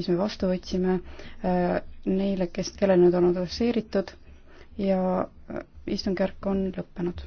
mis me vastu võtsime äh, neile, kes, kellele need on adresseeritud ja äh, istungjärk on lõppenud.